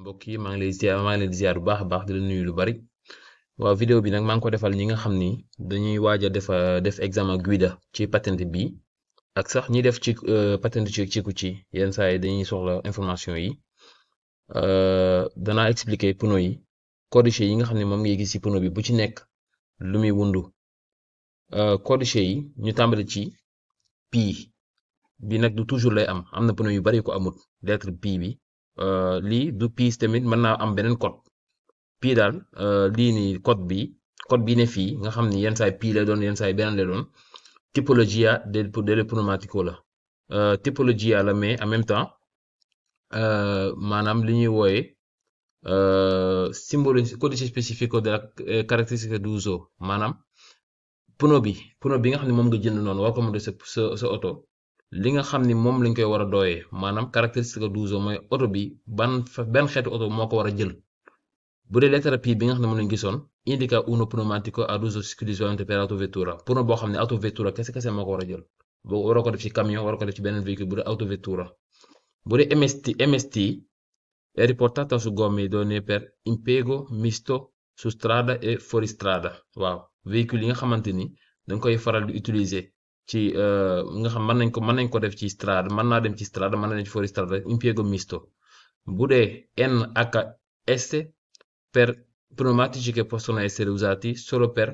mbokk yi maa ngi lay ziar maa leen di bu baax baax di la nuyu lu bari waaw vidéo bi nag maa ngi ko defal ñi nga xam ni dañuy waaja a def euh, def examen guida ci patent bi ak sax ñi def ci euh, patent ci ci ku ci yenn saa yi dañuy soxla information yi euh, dana expliquer pneu yi codice yi nga xam ne moom ngay gis ci pneu bi bu ci nekk lu muy wundu codice yi ñu tàmbali ci pi bi nag du toujours lay am am na pneu yu bari ko amut lettre pi bi. Euh, lii du piis tamit mën naa am beneen code pii daal euh, lii nii code bi code bi ne fii nga xam ni yenn saay pii lay doon yenn saay beneen lay doon typologia del del pneumatico la euh, typologia la mais en même temps maanaam li ñuy wooyee symbole codice spécifique de la caractéristique du uso maanaam pneu bi pneu bi nga xam ne moom nga jënd noonu war ko mën sa sa sa oto li nga xam ni moom lañ koy war a dooyee maanaam caractéristique douze mooy oto bi ban benn xeetu oto moo ko war a jël bu dee lettre P bi nga xam ne moo lañ gisoon indica uno pneumatico ad uso esclusivamente per auto vettura pneu boo xam ne auto vettura kese kese moo ko war a jël boo waroo ko def ci camion waroo ko def ci beneen véhicule bu dee auto vettura bu dee MST MST è riportata per impiego misto su strada e waaw véhicule yi nga xamante ni dañ koy faral di utiliser. ci euh, nga xam mën nañ ko mën nañ ko def ci strada mën naa dem ci strada mën na dem ci fuori strada un misto bu dee NHS per pneumatici che possono essere usati solo per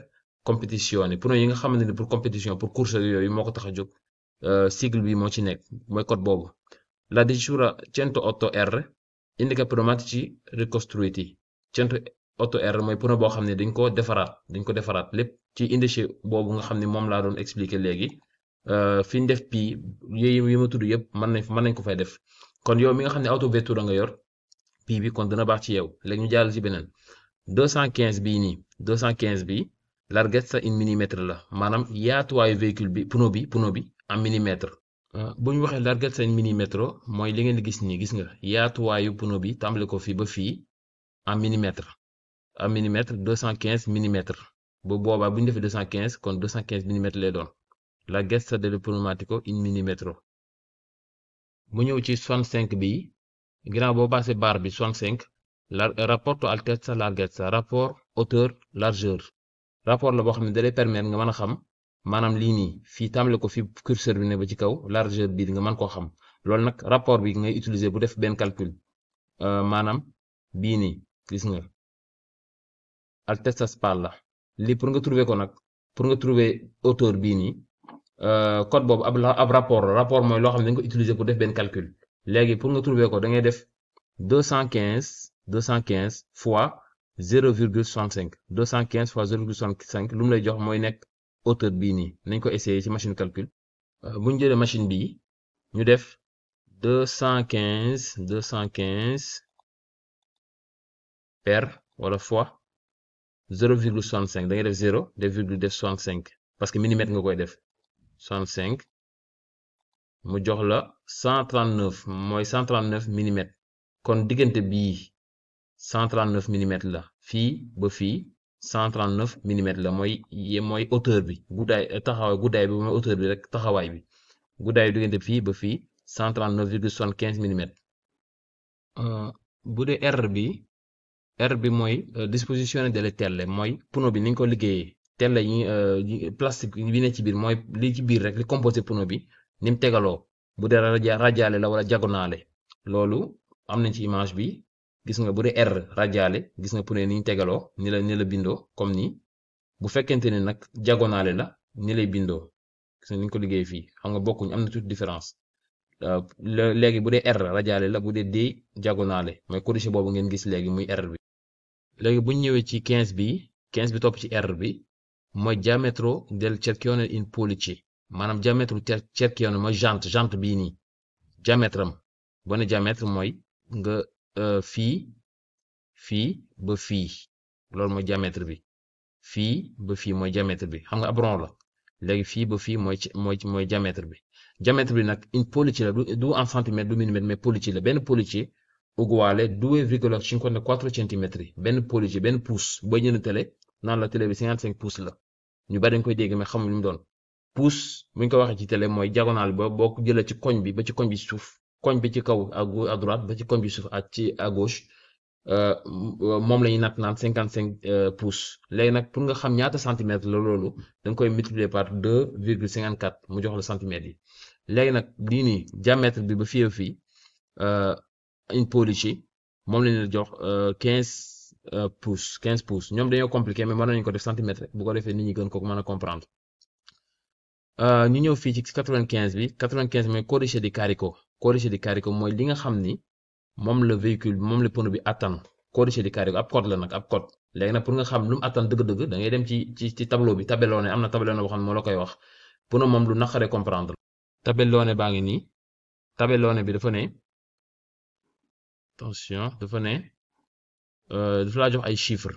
competizioni pneu yi nga xamante ni pour compétition pour course yooyu moo ko tax a jóg cycle euh, bi moo ci nekk mooy code boobu la dicitura 108R indica pneumatici ricostruiti oto r mooy pneu boo xam ne dañ ko defaraat dañ ko defaraat lépp ci indice boobu nga xam ne moom laa doon expliquer léegi euh, fi ñu def pi yooyu yi ma tudd yëpp mën nañ mën nañ ko fay def kon yow mi nga xam ne auto a nga yor pii bi kon dana baax ci yow léegi ñu jàll ci beneen 215 bii nii 215 bi largesse in millimètre la maanaam yaatuwaayu véhicule bi pneu bi pneu bi en millimètre euh, bu ñu waxee largesse in millimètre mooy li ngeen gis nii gis nga yaatuwaayu pneu bi tàmbale ko fii ba fii en millimètre en millimètre 215 millimètres bu boobaa bu ñu defee deux cent quinze kon deux cent quinze millimètres doon la gesta del pneumatico in millimetro mu ñëw ci soixante cinq bi ginnaaw boo passé barre bi soixante cinq la sa altezza sa rapport hauteur largeur raport la boo xam ne da lay nga mën a xam maanaam lii nii fii tàmbale ko fi curseur bi ne ba ci kaw largeur bi nga man koo xam lool nag rapport bi ngay utiliser bu def benn calcul euh, maanaam bii nii gis nga altezza spalla li pour nga trouver ko nag pour nga trouver auteur bii nii euh, code boobu ab ab rapport rapport mooy loo ne dañ ko utiliser pour def benn calcul léegi pour nga trouver ko da def deux cent quinze deux cent quinze fois zéro virgule soixante cinq deux cent quinze fois zéro virgule soixante cinq lu lay jox mooy nekk auteur bii nii nañ ko essayer ci machine calcul euh, bu ñu jëlee machine bi ñu def deux cent quinze deux cent quinze per wala fois zéro virgule soixante cinq da def zéro def virgule def soixante cinq parce que millimètre nga koy def soixante cinq mu jox la cent trente neuf mooy cent trente neuf millimètres kon diggante bi cent trente neuf millimètres la fii ba fii cent trente neuf la mooy mooy hauteur bi guddaay taxawaay guddaay bi mooy hauteur bi rek taxawaay bi guddaay bi diggante fii ba fii cent trente neuf virgule soixante quinze euh, bi. R bi mooy euh, disposition disposizione delle telle mooy pneu bi ni ñu ko liggéeyee telle yi euh, plastique bi ne ci biir mooy li ci biir rek li composé pneu bi ni mu tegaloo bu dee raja rajaale la wala jagonaale loolu am nañ ci image bi gis nga bu dee R rajaale gis nga pneu ni ñu tegaloo ni la ni la bindoo comme nii bu fekkente ne nag jagonaale la ni lay bindoo gis nga ni ñu ko liggéey fii xam nga bokkuñu am na toute différence Euh, léegi bu dee R rajaale la bu dee D jagonaale mooy corrigé boobu ngeen gis léegi muy R bi léegi bu ñu ñëwee ci 15 bi 15 bi topp ci R bi mooy diametro del cerchione in ci maanaam diamétre cerchione mooy jante jante bii nii diamètre am boo ne diamètre mooy nga euh, fii fii ba fii loolu mooy diamètre bi fii ba fii mooy diamètre bi xam nga ab rond la léegi fii ba fii mooy mooy mooy diamètre bi. diamètre bi nag une pollice la du en centimètre du millimètre mais pollice la benn pollice uguale 2,54 centimetri benn pollice benn pouce booy jënd télé naan la télé bi 55 pouces la ñu bari dañ koy dégg mais xamuñ lu mu doon pouce bu ñu ko waxee ci télé mooy diagonale ba bokk ko jëlee ci koñ bi ba ci koñ bi suuf koñ bi ci kaw a droite ba ci koñ bi suuf ak ci à gauche euh, euh, moom la nat natt naan 55 euh, pouces léegi nag pour nga xam ñaata centimètres la loolu da nga koy multiplier par 2,54 mu jox la centimètres yi. léegi nag lii nii diamètre bi ba fii ba fii euh, une police yi moom la ñu jox euh, quinze euh, pouces quinze pouces ñoom dañoo compliqué mais mën ko def centimètre bu ko defee nit ñi gën ko mën a comprendre ñu ñëw fii ci quatre-vingt-quinze bi quatre-vingt-quinze mooy codice di carico codice di carico mooy li nga xam ni moom la véhicule bi moom la pneu bi attan codice di carico ab code la nag ab code léegi nag pour nga xam lu mu dëgg-dëgg da dem ci ci ci tableau bi tabelloo ne am na tabelloo ne xam moo la koy wax pneu moom tabelloone baa ngi nii tabelloone bi dafa ne attention dafa ne euh, dafa laa jox ay chiffre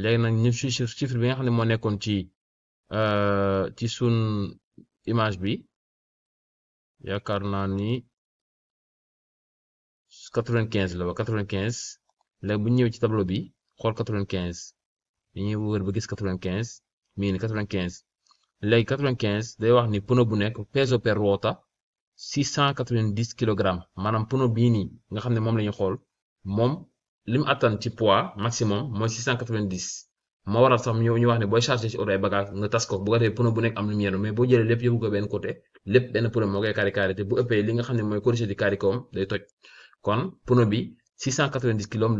léegi nag ñu ci chiffre bi nga xam ne moo nekkoon ci euh, ci sun image bi yaakaar naa ni quatre-vingt-quinze la ba quatre bu ñu ci tableau bi xool quatre-vingt-quinze dañuy wër ba gis quatre-vingt-quinze mii ne quinze lay 95 day wax ni pneu bu nekk peso per ruota 690 kilogrammes maanaam pneu bii nii nga xam ne moom la ñu xool moom li mu attan ci poids maximum mooy 690 moo waral sax ñu wax ne booy chargé ci oto ay bagage nga tas ko bu ko defee pneu bu nekk am lu mu yenu mais boo jëlee lépp yóbbu ko benn côté lépp benn pneu moo koy kaari kaari te bu ëppee li nga xam ne mooy corrigé di kaari kawam day toj kon pneu bi 690 kilo euh,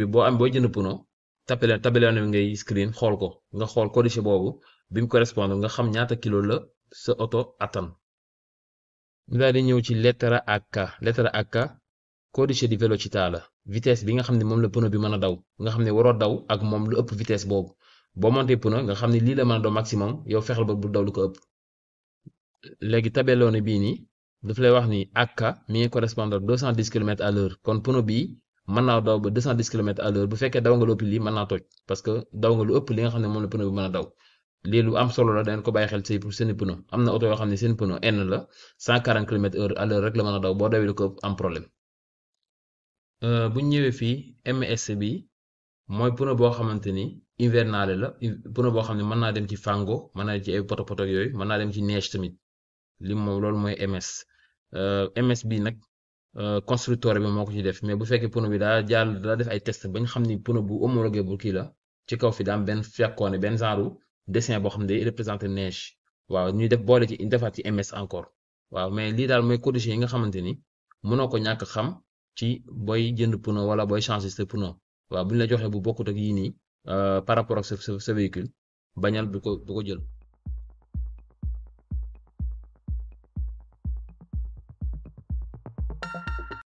bi boo am booy jënd pneu. tapé tabellion bi ngay screen xool ko nga xool codice boobu bi mu correspondre nga xam ñaata kilo la sa oto attan ñu daal di ñëw ci lettera AK lettera AK codice di velocità la vitesse bi nga xam ne moom la pneu bi mën a daw nga xam ne waroo daw ak moom lu ëpp vitesse boobu boo monté pneu nga xam ne lii la mën a daw maximum yow fexeel ba bu daw lu ko ëpp léegi tabellion bii nii daf lay wax ni AK mi ngi correspondre 210 kilomètres à l'heure kon pneu bii mën naa daw ba 210 kilomètres à l'heure bu fekkee daw nga lu ëpp lii mën naa toj parce que daw nga lu ëpp li nga xam ne moom la pneu bi mën a daw am solo la dangeen ko bàyyi xel ci seen am na oto yoo xam ne seen N la 140 kilomètres heure à l'heure rek a daw boo dawee lu ko am problème. Euh, bu ñëwee fii MSC bi mooy pneu boo xamante ni hivernale la pneu boo xam ne mën naa dem ci fango mën naa dem ci ay poto yooyu mën naa dem ci neige tamit li moom loolu mooy MS euh, MS bi nag. Euh, constructeur bi moo ko ci def mais bu fekkee pono bi daa jàll daa def ay test bañ xam ni pono bu homologué bu kii la ci kaw fi daam benn fekkoone benn genre dessin boo xam ne day représenté neige waaw ñuy def boole ci defaat ci ms encore waaw mais lii daal mooy conditions yi nga xamante ni mënoo ko ñàkk xam ci booy jënd pono wala booy changer sa pono waaw bu ñu la joxee bu bokkut ak yii nii euh, par rapport ak sa sa véhicule bañal bu ko bu ko jël